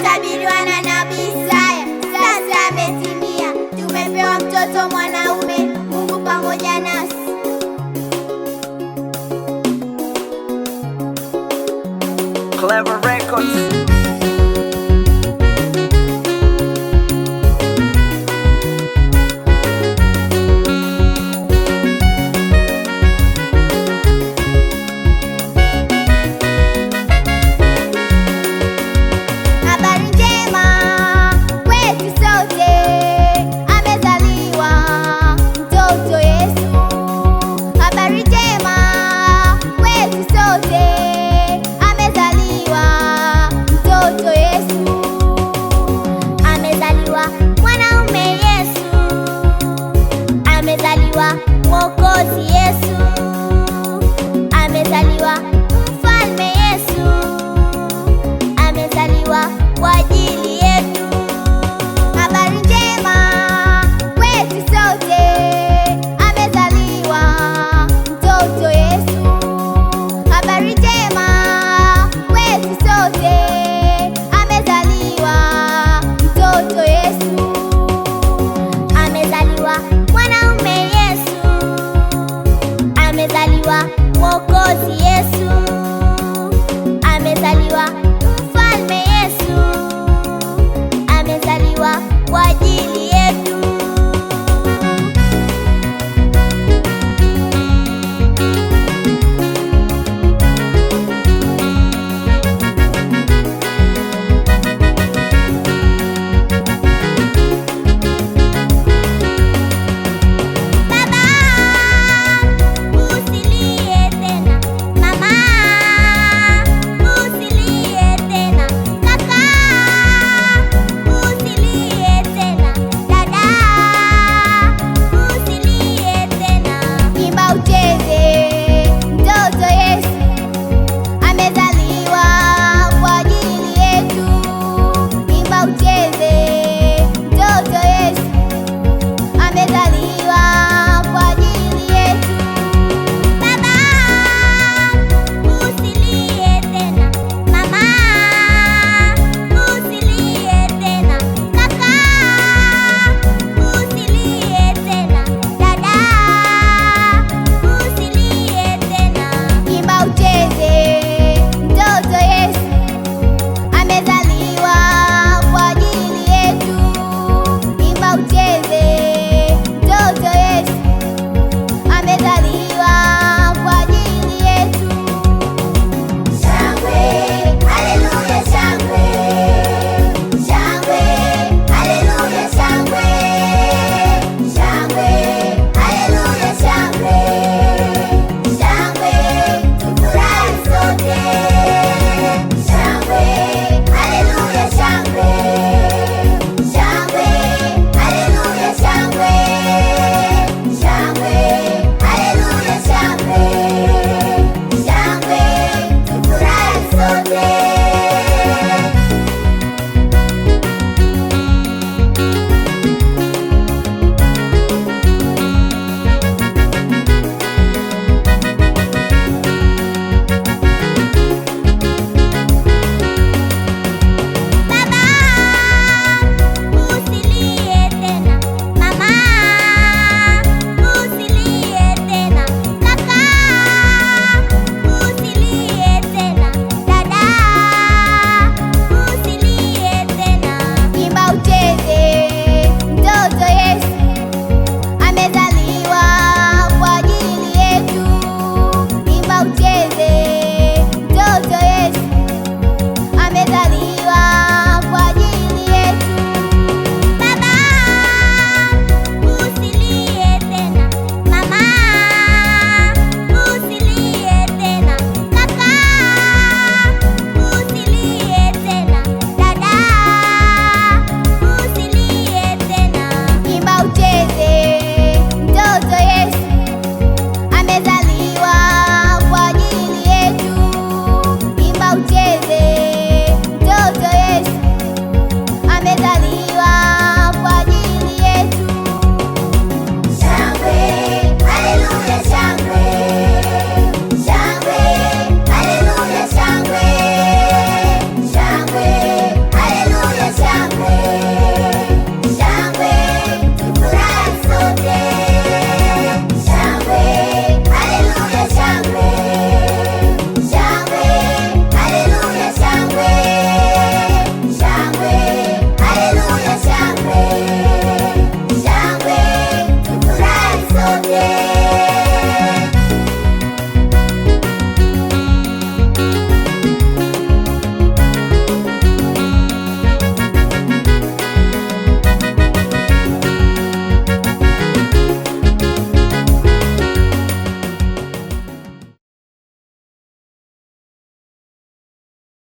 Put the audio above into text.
yaliyotabiriwa na nabii Isaya sasa yametimia. Tumepewa mtoto mwanaume, Mungu pamoja nasi. Clever Records Mwokozi Yesu. Rosie.